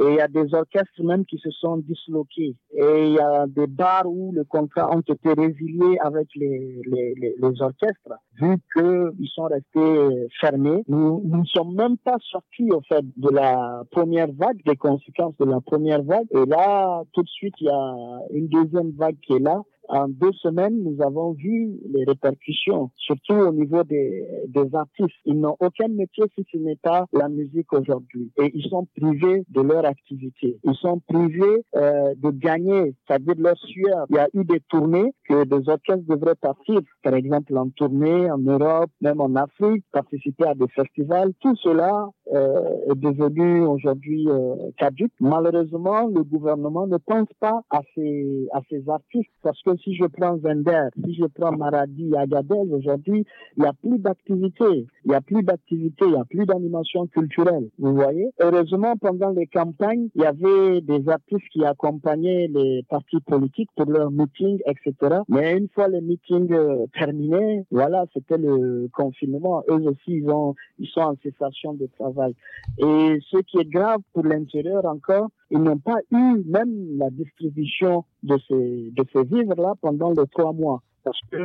Et il y a des orchestres même qui se sont disloqués. Et il y a des bars où le contrat ont été résiliés avec les, les, les, orchestres, vu qu'ils sont restés fermés. Nous, ne sommes même pas sortis, au fait, de la première vague, des conséquences de la première vague. Et là, tout de suite, il y a une deuxième vague qui est là. En deux semaines, nous avons vu les répercussions, surtout au niveau des, des artistes. Ils n'ont aucun métier si ce n'est pas la musique aujourd'hui. Et ils sont privés de leur activité. Ils sont privés euh, de gagner, c'est-à-dire leur sueur. Il y a eu des tournées que des orchestres devraient partir, par exemple en tournée en Europe, même en Afrique, participer à des festivals. Tout cela euh, est devenu aujourd'hui euh, caduque. Malheureusement, le gouvernement ne pense pas à ces, à ces artistes parce que si je prends Zender, si je prends Maradi, Agadez, aujourd'hui, il n'y a plus d'activité, il n'y a plus d'activité, il n'y a plus d'animation culturelle. Vous voyez Heureusement, pendant les campagnes, il y avait des artistes qui accompagnaient les partis politiques pour leurs meetings, etc. Mais une fois les meetings euh, terminés, voilà, c'était le confinement. Eux aussi, ils, ont, ils sont en cessation de travail et ce qui est grave pour l'intérieur encore, ils n'ont pas eu même la distribution de ces, de ces vivres-là pendant les trois mois. Parce que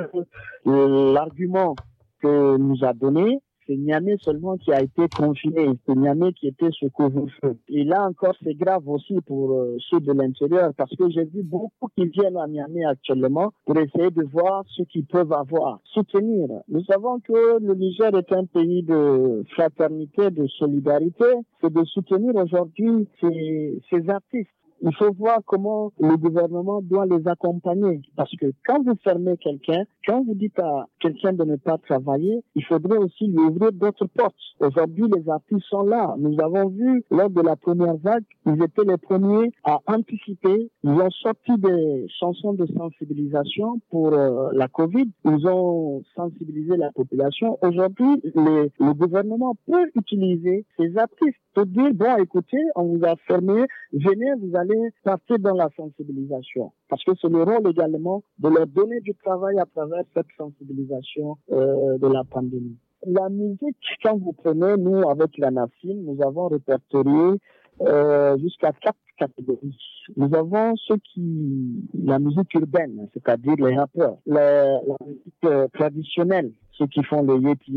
euh, l'argument que nous a donné, c'est Niamey seulement qui a été confiné, c'est Niamey qui était sous couvre-feu. Et là encore, c'est grave aussi pour euh, ceux de l'intérieur, parce que j'ai vu beaucoup qui viennent à Niamey actuellement pour essayer de voir ce qu'ils peuvent avoir, soutenir. Nous savons que le Niger est un pays de fraternité, de solidarité, c'est de soutenir aujourd'hui ces artistes il faut voir comment le gouvernement doit les accompagner. Parce que quand vous fermez quelqu'un, quand vous dites à quelqu'un de ne pas travailler, il faudrait aussi lui ouvrir d'autres portes. Aujourd'hui, les artistes sont là. Nous avons vu, lors de la première vague, ils étaient les premiers à anticiper. Ils ont sorti des chansons de sensibilisation pour euh, la COVID. Ils ont sensibilisé la population. Aujourd'hui, le gouvernement peut utiliser ces artistes pour dire, bon, écoutez, on vous a fermé, venez, vous allez passer dans la sensibilisation. Parce que c'est le rôle également de leur donner du travail à travers cette sensibilisation euh, de la pandémie. La musique, quand vous prenez, nous, avec la NAFIM, nous avons répertorié euh, jusqu'à quatre catégories. Nous avons ceux qui, la musique urbaine, c'est-à-dire les rappeurs, la musique euh, traditionnelle, ceux qui font le yeti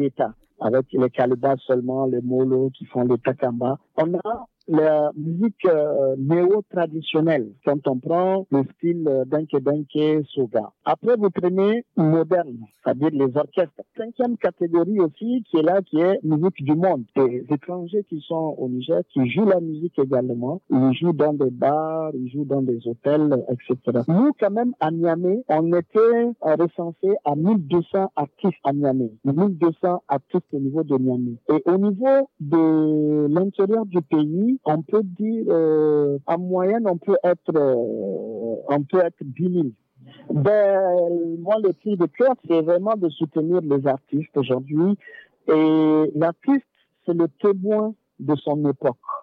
avec les calabas seulement, les molos qui font le takamba. On a la musique euh, néo-traditionnelle, quand on prend le style euh, Danke Danke Soga. Après, vous prenez moderne, c'est-à-dire les orchestres. Cinquième catégorie aussi, qui est là, qui est musique du monde. Des étrangers qui sont au Niger, qui jouent la musique également. Ils jouent dans des bars, ils jouent dans des hôtels, etc. Nous, quand même, à Niamey, on était recensé à 1200 actifs à Niamey. 1200 actifs au niveau de Niamey. Et au niveau de l'intérieur du pays, on peut dire, euh, en moyenne, on peut être, euh, on peut être 10 ben, moi, le prix de cœur, c'est vraiment de soutenir les artistes aujourd'hui. Et l'artiste, c'est le témoin de son époque.